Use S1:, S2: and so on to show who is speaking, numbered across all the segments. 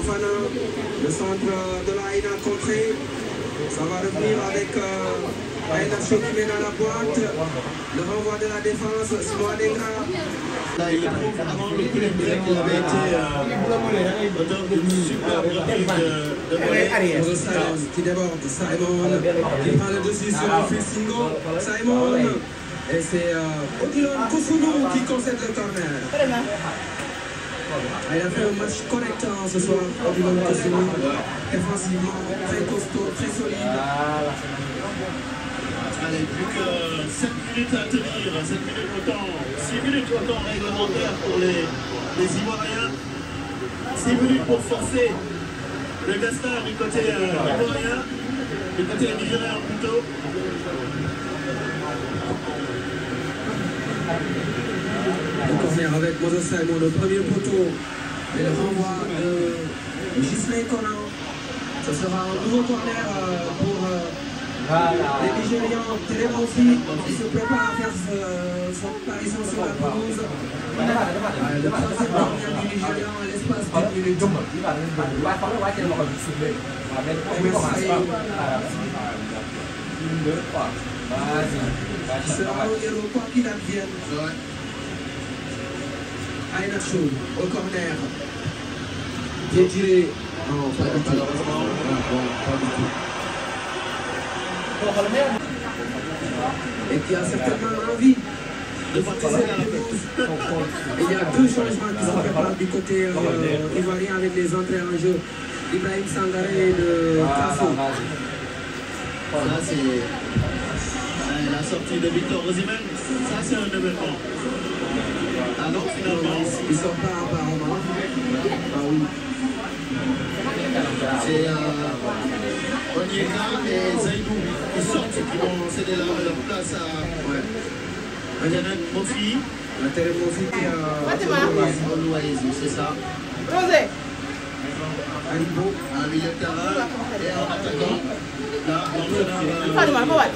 S1: Fofana, le centre de la haine contrée. Ça va revenir avec euh, Aïda qui mène à la boîte. Le renvoi de la défense, Smoadenga. Avant le plus direct, il avait été euh, auteur d'une superbe reprise de, de volet. Simon qui déborde, Simon qui ah, prend le dessus sur ah, ah. un Singo. Simon, et c'est euh, Odilon Kofuno qui concède le corner. Elle a fait un match correct hein, ce soir au niveau de Kosuma. Défensivement, très costaud, très solide. Voilà. Allez, plus que 7 minutes à tenir, 7 minutes au temps, 6 minutes au temps réglementaire pour les, les Ivoiriens. 6 minutes pour forcer le Gaspard du côté euh, ivoirien, du côté nigérien plutôt. Corner avec Moses Simon, le premier poteau.
S2: Et le renvoi
S1: de Gisley Collin. Ce sera un nouveau corner euh, pour
S2: euh, les
S1: Nigérians. Téléma aussi qui se prépare à faire euh, son apparition sur la pelouse.
S2: Le troisième corner
S1: du Nigérian à l'espace d'une minute. C'est un héros quoi qu'il advienne. Ainacho au corner qui est tiré. Non, pas du tout. Malheureusement, non, pas du tout. Et qui a certainement envie de participer à la pause. Il y a deux changements qui sont préparés du côté euh, ivoirien avec les entrées en jeu. Ibrahim Sangaré ah, euh, de Kafou. Ah non, finalement, ils sont pas apparemment. Ah oui. C'est euh, Onyeka et Zaidou qui sortent, qui vont céder leur, leur place à. Ouais. Adjana Mofi. La télé Mofi et. Euh, Oluwayezu, c'est ça. Rosé. Alibo, un milieu de terrain et un attaquant. Là, l'entraîneur.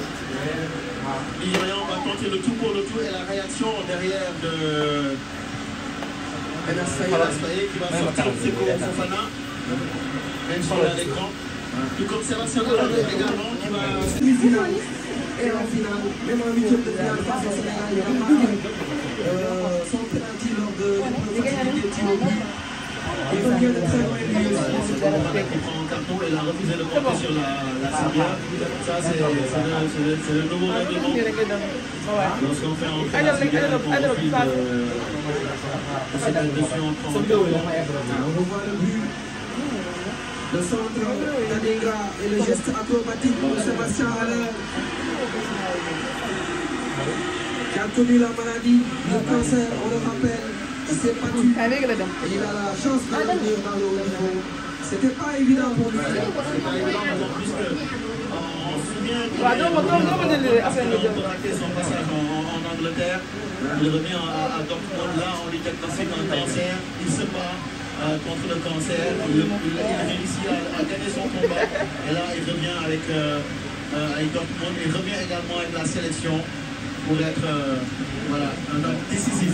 S1: Nigérian va tenter le tout pour le tout et la réaction derrière de Benas Saïd qui va sortir Seko Fofana, même sur l'écran. Tout comme Sébastien Colombe également qui va. Et en finale, même en huitième de finale face au Sénégal, il n'y aura pas sans penalty lors de l'épreuve de Ils veulent bien très loin du en carton et la refuser de porter sur la, civière. Ça, c'est le nouveau règlement. Lorsqu'on fait entrer la civière, on profite de cette addition en On revoit le but. Le centre, Tadega et le geste acrobatique de Sébastien Haller qui a connu la maladie, le cancer, on le rappelle. C'est pas tout. a la chance d'arriver dans le haut niveau. pas évident en Angleterre. il revient à Dortmund là on lui diagnostique un cancer il se bat contre le cancer il a réussi à il revient avec avec Dortmund il revient également avec la sélection pour être euh, un homme décisif.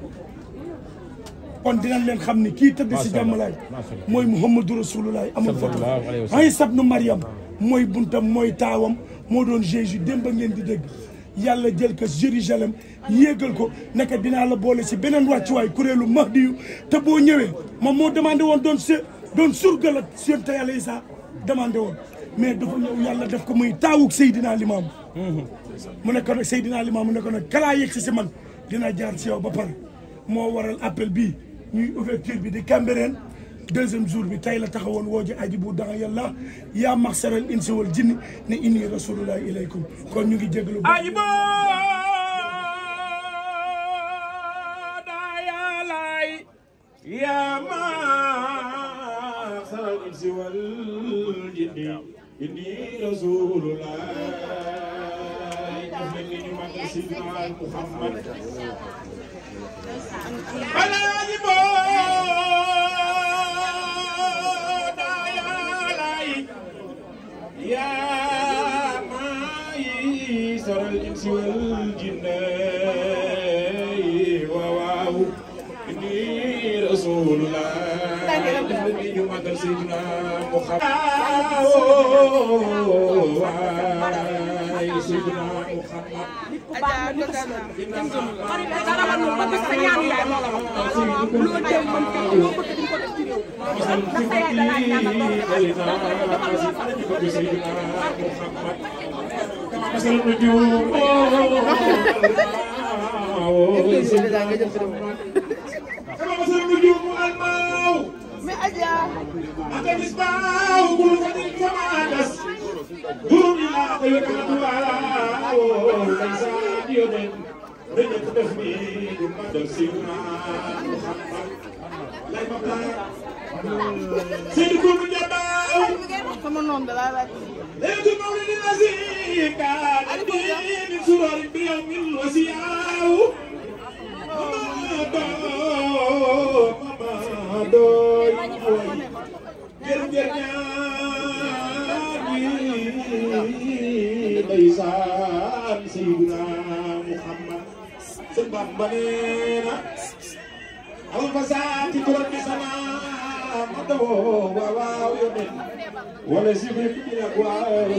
S1: kon dinañ leen xam ni kii tëdd si jàmmalaay mooy Muhammadu Rasulullaay amul foto ay sab nu Mariam mooy buntam mooy taawam moo doon Jésus démb ngeen di degg yàlla jël ko Jérusalem yéegal ko bi dinaa la boole si beneen wàccuwaay kuréelu Mahdi yu te boo ñëwee moom moo demandé woon doon se doon surgal ak seen te yàlla Isaa demandé woon mais dafa ñëw yàlla def ko muy taawuk Seydina Limaamu mm-hmm. mu nekk ko nag Seydina Limaamu nekk ko nag kalaa yegg si si man dina jaar si yaw ba pare moo waral appel bii ñuy ouverture bi di Cambérène deuxième jour bi tay la taxawoon woo ji aji bu danga yàlla yaa maxsaral insi wal jinni ne inni rasulullah ilaykum kon ñu ngi jégalu aji bo daa yàllaay yaa maxsaral insi wal jinni inni rasulullah Muhammad الإنس والجن وواو إني رسول الله دفني جمعة سيدنا محمد سيدنا محمد baa ñu tass xarit dara la ñu bëgg di ko def ci Seydou Koungheul sama noon da laa laaj. léegi la ñu la si kaale bii di suwar bi yow mi ngi si yaaw. mama doy woy jërëjëf ñaar Muhammad sëñ Bamba na aw fa saa مدو واو يبن ولا سيبك بلا قوار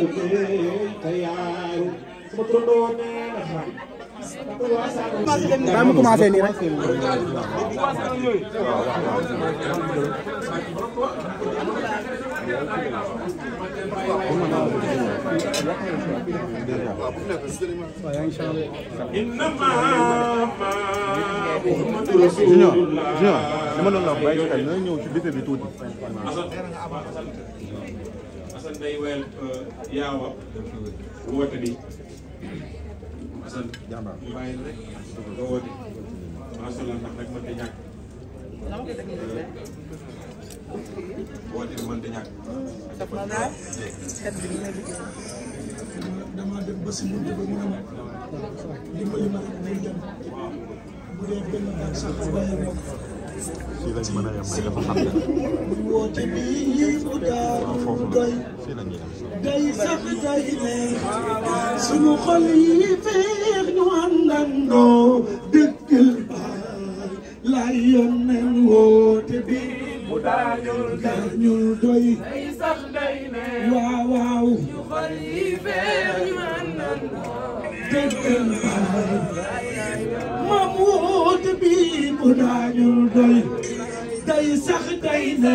S1: تيار سمطرون نحن maa mu commencé nii rek. junior junior dama doon la bàyyi xel na ñëw ci bété bi tuuti. Assane day wel yaawa woote bi. Assane ñu bàyyi rek nga woote macha allah ndax rek mënta ñàkk woote bi mënta ñàkk dama dem ba si munti ba mu ne ma dimbali ma rek muy dem bu dee benn daal sax bàyyi ma fii lañ mën a yem dafa xam ne woote bi mu daaw doy day sax day ne sunu xol yi fee àndoo dëkkal baay lay yónneen woote bi mu daañul daañul doy ay sax day ne waaw waaw ñu xol yi feeñ ñu àndandoo dëkkal baay mam woote bi mu daañul doy day sax day ne